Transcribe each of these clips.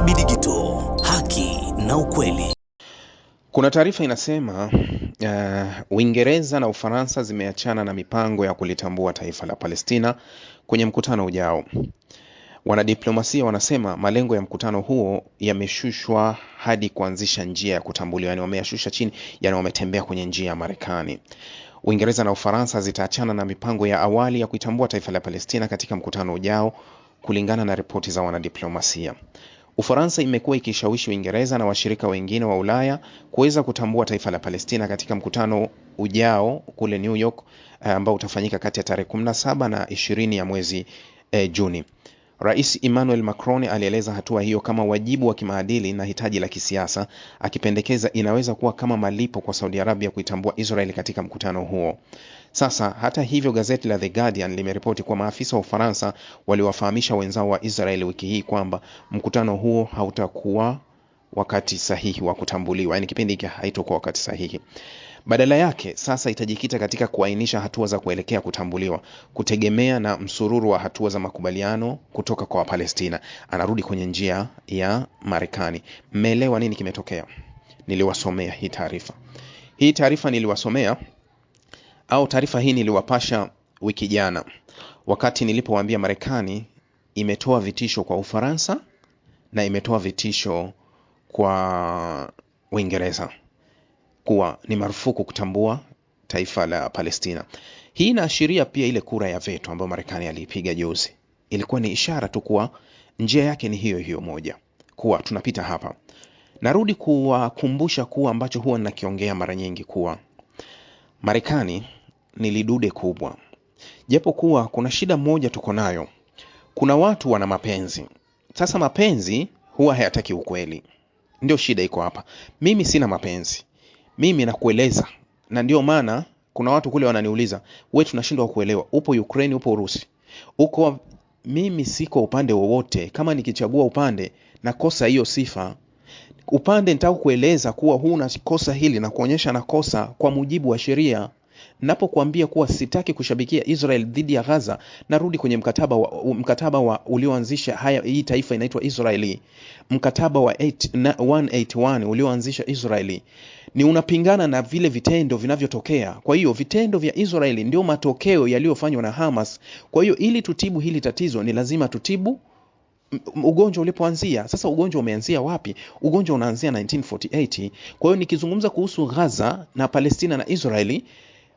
HB Digital, haki na ukweli. Kuna taarifa inasema uh, Uingereza na Ufaransa zimeachana na mipango ya kulitambua taifa la Palestina kwenye mkutano ujao. Wanadiplomasia wanasema malengo ya mkutano huo yameshushwa hadi kuanzisha njia ya kutambuliwa, yani wameyashusha chini, yani wametembea kwenye njia ya Marekani. Uingereza na Ufaransa zitaachana na mipango ya awali ya kuitambua taifa la Palestina katika mkutano ujao kulingana na ripoti za wanadiplomasia. Ufaransa imekuwa ikishawishi Uingereza na washirika wengine wa Ulaya kuweza kutambua taifa la Palestina katika mkutano ujao kule New York eh, ambao utafanyika kati ya tarehe 17 na 20 ya mwezi eh, Juni. Rais Emmanuel Macron alieleza hatua hiyo kama wajibu wa kimaadili na hitaji la kisiasa, akipendekeza inaweza kuwa kama malipo kwa Saudi Arabia kuitambua Israel katika mkutano huo. Sasa hata hivyo, gazeti la The Guardian limeripoti kuwa maafisa wa Ufaransa waliwafahamisha wenzao wa Israel wiki hii kwamba mkutano huo hautakuwa wakati sahihi wa kutambuliwa, yani kipindi hiki haitokuwa wakati sahihi. Badala yake sasa itajikita katika kuainisha hatua za kuelekea kutambuliwa, kutegemea na msururu wa hatua za makubaliano kutoka kwa Wapalestina. Anarudi kwenye njia ya Marekani. Mmeelewa nini kimetokea? Niliwasomea hii taarifa, hii taarifa niliwasomea au taarifa hii niliwapasha wiki jana wakati nilipowaambia Marekani imetoa vitisho kwa Ufaransa na imetoa vitisho kwa Uingereza kuwa ni marufuku kutambua taifa la Palestina. Hii inaashiria pia ile kura ya veto ambayo Marekani aliipiga juzi. Ilikuwa ni ishara tu kuwa njia yake ni hiyo hiyo moja, kuwa tunapita hapa. Narudi kuwakumbusha kuwa ambacho huwa nakiongea mara nyingi kuwa Marekani ni lidude kubwa. japo kuwa kuna shida moja tuko nayo, kuna watu wana mapenzi. Sasa mapenzi huwa hayataki ukweli, ndio shida iko hapa. Mimi sina mapenzi, mimi nakueleza, na ndio maana kuna watu kule wananiuliza, we, tunashindwa kuelewa, upo Ukraine, upo Urusi, uko mimi siko upande wowote. Kama nikichagua upande nakosa hiyo sifa. Upande nitaka kueleza kuwa huu nakosa hili na kuonyesha nakosa kwa mujibu wa sheria. Napokuambia kuwa sitaki kushabikia Israel dhidi ya Gaza, narudi kwenye mkataba wa, mkataba wa ulioanzisha haya hii taifa inaitwa Israeli, mkataba wa 8, 181 ulioanzisha Israeli ni unapingana na vile vitendo vinavyotokea. Kwa hiyo vitendo vya Israeli ndio matokeo yaliyofanywa na Hamas. Kwa hiyo ili tutibu hili tatizo, ni lazima tutibu ugonjwa ulipoanzia. Sasa ugonjwa umeanzia wapi? Ugonjwa unaanzia 1948. Kwa hiyo nikizungumza kuhusu Gaza na Palestina na Israeli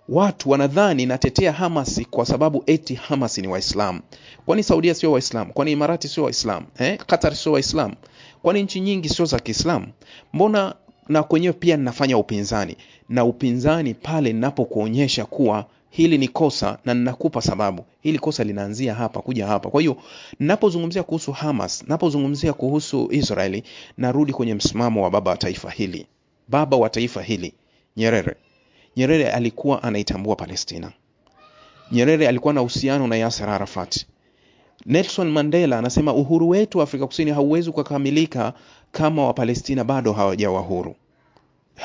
Watu wanadhani natetea Hamas kwa sababu eti Hamas ni Waislamu. Kwani Saudia sio Waislamu? Kwani Imarati sio Waislamu? Eh, Qatar sio Waislamu? Kwani nchi nyingi sio za Kiislamu? Mbona na kwenyewe pia ninafanya upinzani, na upinzani pale ninapokuonyesha kuwa hili ni kosa na ninakupa sababu, hili kosa linaanzia hapa kuja hapa. Kwa hiyo ninapozungumzia kuhusu Hamas, ninapozungumzia kuhusu Israeli, narudi kwenye msimamo wa baba wa taifa hili, baba wa taifa hili Nyerere. Nyerere alikuwa anaitambua Palestina. Nyerere alikuwa na uhusiano na Yasser Arafat. Nelson Mandela anasema uhuru wetu Afrika Kusini hauwezi kukamilika kama Wapalestina bado hawajawa huru.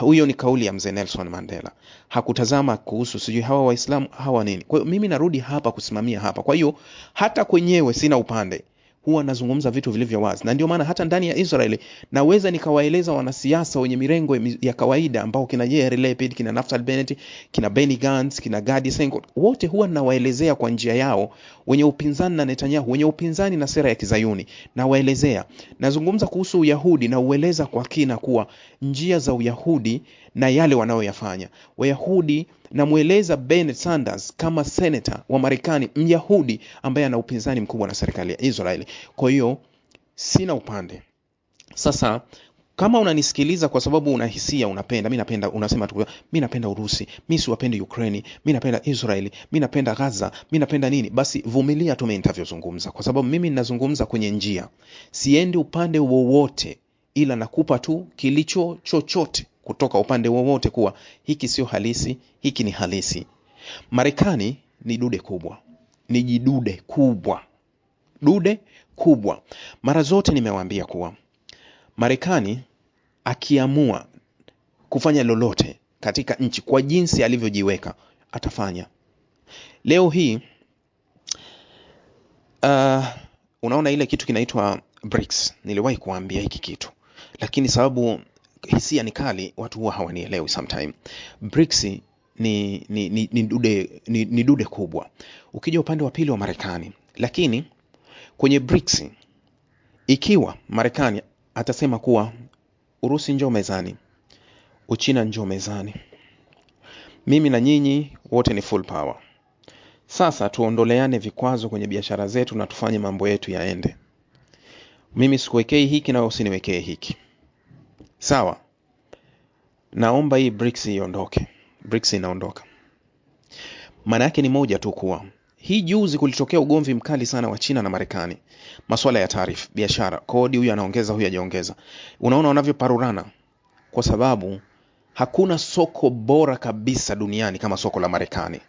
Huyo ni kauli ya mzee Nelson Mandela. Hakutazama kuhusu sijui hawa Waislamu hawa nini. Kwa hiyo mimi narudi hapa kusimamia hapa. Kwa hiyo hata kwenyewe sina upande huwa nazungumza vitu vilivyo wazi, na ndio maana hata ndani ya israel naweza nikawaeleza wanasiasa wenye mirengo ya kawaida ambao kina Yair Lapid, kina Naftali Bennett, kina Benny Gantz, kina Gadi Sengold, wote huwa nawaelezea kwa njia yao, wenye upinzani na Netanyahu, wenye upinzani na sera ya Kizayuni, nawaelezea. Nazungumza kuhusu Uyahudi na ueleza kwa kina kuwa njia za Uyahudi na yale wanayoyafanya Wayahudi namweleza Ben Sanders kama seneta wa Marekani Myahudi ambaye ana upinzani mkubwa na serikali ya Israeli. Kwa hiyo sina upande. Sasa kama unanisikiliza kwa sababu unahisia unapenda, mi napenda, unasema tu mi napenda Urusi, mi siwapendi Ukraini, mi napenda Israeli, mi napenda Gaza, mi napenda nini, basi vumilia tu mi nitavyozungumza, kwa sababu mimi ninazungumza kwenye njia, siendi upande wowote, ila nakupa tu kilicho chochote kutoka upande wowote kuwa hiki sio halisi, hiki ni halisi. Marekani ni dude kubwa, ni jidude kubwa, dude kubwa. Mara zote nimewaambia kuwa Marekani akiamua kufanya lolote katika nchi kwa jinsi alivyojiweka atafanya. Leo hii uh, unaona ile kitu kinaitwa BRICS. Niliwahi kuambia hiki kitu, lakini sababu hisia ni kali, watu huwa hawanielewi sometime. BRICS ni, ni, ni, ni, dude, ni, ni dude kubwa ukija upande wa pili wa Marekani, lakini kwenye BRICS ikiwa Marekani atasema kuwa Urusi njoo mezani, Uchina njoo mezani, mimi na nyinyi wote ni full power. Sasa tuondoleane vikwazo kwenye biashara zetu na tufanye mambo yetu yaende. Mimi sikuwekei hiki na wewe usiniwekee hiki sawa naomba hii BRICS iondoke BRICS inaondoka maana yake ni moja tu kuwa hii juzi kulitokea ugomvi mkali sana wa China na Marekani, masuala ya taarifa, biashara, kodi, huyu anaongeza, huyu hajaongeza. Unaona wanavyoparurana, kwa sababu hakuna soko bora kabisa duniani kama soko la Marekani.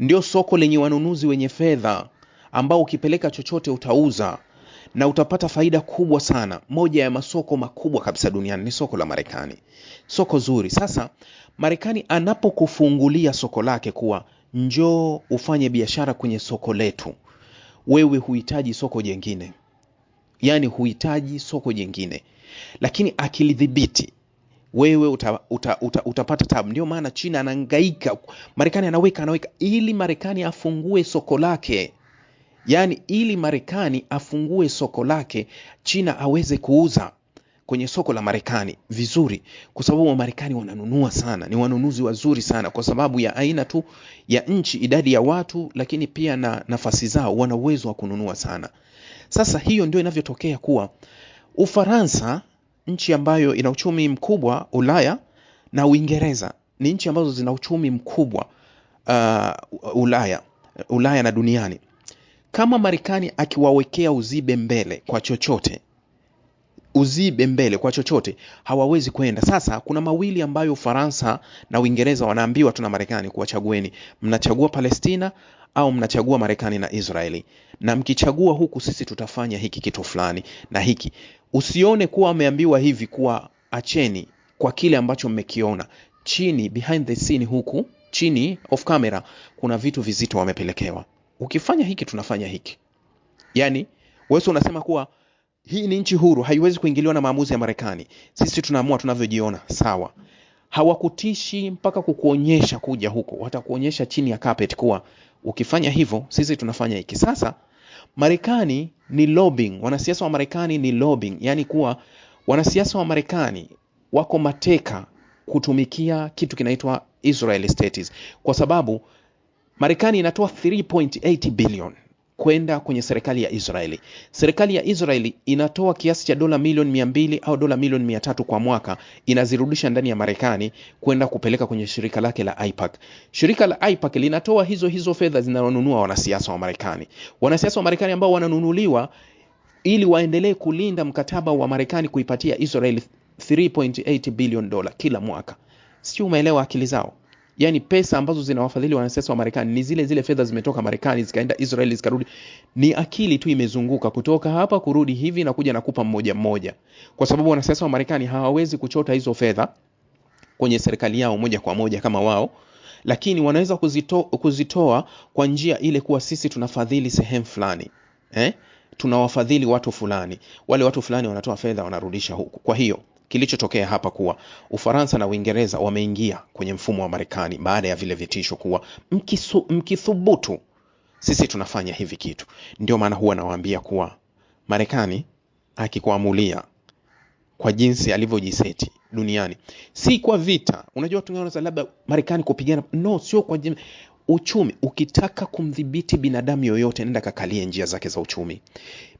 Ndio soko lenye wanunuzi wenye fedha, ambao ukipeleka chochote utauza na utapata faida kubwa sana. Moja ya masoko makubwa kabisa duniani ni soko la Marekani, soko zuri. Sasa Marekani anapokufungulia soko lake kuwa njoo ufanye biashara kwenye soko letu, wewe huhitaji soko jingine, yaani huhitaji soko jingine, lakini akilidhibiti wewe uta, uta, uta, utapata tabu. Ndio maana China anahangaika, Marekani anaweka anaweka, ili Marekani afungue soko lake yaani ili Marekani afungue soko lake, China aweze kuuza kwenye soko la Marekani vizuri, kwa sababu Wamarekani wananunua sana, ni wanunuzi wazuri sana, kwa sababu ya aina tu ya nchi, idadi ya watu, lakini pia na nafasi zao, wana uwezo wa kununua sana. Sasa hiyo ndio inavyotokea kuwa Ufaransa, nchi ambayo ina uchumi mkubwa Ulaya, na Uingereza ni nchi ambazo zina uchumi mkubwa uh, Ulaya Ulaya na duniani kama Marekani akiwawekea uzibe mbele kwa chochote uzibe mbele kwa chochote, hawawezi kwenda. Sasa kuna mawili ambayo Ufaransa na Uingereza wanaambiwa tu na Marekani kuwachagueni mnachagua Palestina au mnachagua Marekani na Israeli, na mkichagua huku, sisi tutafanya hiki kitu fulani na hiki. Usione kuwa ameambiwa hivi kuwa acheni kwa kile ambacho mmekiona chini, behind the scene, huku chini of camera, kuna vitu vizito wamepelekewa ukifanya hiki tunafanya hiki. yani Wesu unasema kuwa hii ni nchi huru, haiwezi kuingiliwa na maamuzi ya Marekani. Sisi tunaamua tunavyojiona, sawa. Hawakutishi mpaka kukuonyesha kuja huko, watakuonyesha chini ya carpet kuwa ukifanya hivyo sisi tunafanya hiki. Sasa Marekani ni lobbying, wanasiasa wa Marekani ni lobbying, yani kuwa wanasiasa wa Marekani wako mateka kutumikia kitu kinaitwa Israel states kwa sababu Marekani inatoa 3.8 billion kwenda kwenye serikali ya Israeli. Serikali ya Israeli inatoa kiasi cha dola milioni mia mbili au dola milioni mia tatu kwa mwaka, inazirudisha ndani ya Marekani kwenda kupeleka kwenye shirika lake la AIPAC. Shirika la AIPAC linatoa hizo hizo fedha zinazonunua wanasiasa wa Marekani, wanasiasa wa Marekani ambao wananunuliwa ili waendelee kulinda mkataba wa Marekani kuipatia Israeli 3.8 billion dola kila mwaka. Sio, umeelewa akili zao yani pesa ambazo zinawafadhili wanasiasa wa Marekani ni zile zile fedha zimetoka Marekani zikaenda Israeli zikarudi. Ni akili tu imezunguka kutoka hapa kurudi hivi na kuja nakupa mmoja mmoja, kwa sababu wanasiasa wa Marekani hawawezi kuchota hizo fedha kwenye serikali yao moja kwa moja kama wao, lakini wanaweza kuzito, kuzitoa kwa njia ile kuwa sisi tunafadhili sehemu fulani eh? tunawafadhili watu fulani, wale watu fulani wanatoa fedha wanarudisha huku, kwa hiyo kilichotokea hapa kuwa Ufaransa na Uingereza wameingia kwenye mfumo wa Marekani baada ya vile vitisho kuwa mkisu, mkithubutu sisi tunafanya hivi kitu. Ndio maana huwa nawaambia kuwa Marekani akikuamulia kwa jinsi alivyojiseti duniani, si kwa vita. Unajua tunaona labda Marekani kupigana, no, sio kwa jim... Uchumi ukitaka kumdhibiti binadamu yoyote, nenda kakalie njia zake za uchumi.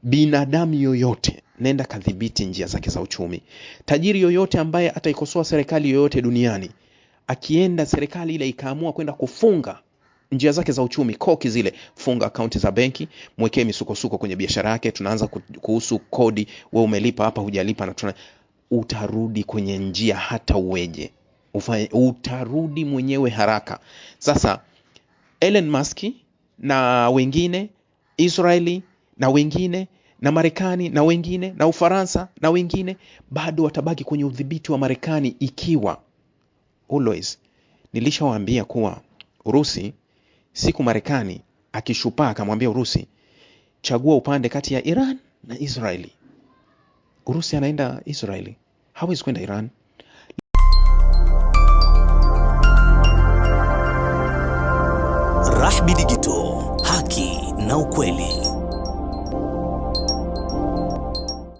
Binadamu yoyote nenda kadhibiti njia zake za uchumi. Tajiri yoyote ambaye ataikosoa serikali yoyote duniani, akienda serikali ile ikaamua kwenda kufunga njia zake za uchumi, koki zile, funga akaunti za benki, mwekee misukosuko kwenye biashara yake, tunaanza kuhusu kodi, we umelipa hapa, hujalipa na tuna utarudi kwenye njia hata uweje, utarudi mwenyewe haraka. Sasa Elon Musk na wengine, Israeli na wengine na Marekani na wengine na Ufaransa na wengine bado watabaki kwenye udhibiti wa Marekani ikiwa always. Nilishawaambia kuwa Urusi siku Marekani akishupaa akamwambia Urusi chagua upande kati ya Iran na Israeli, Urusi anaenda Israeli, hawezi kwenda Iran. gito haki na ukweli.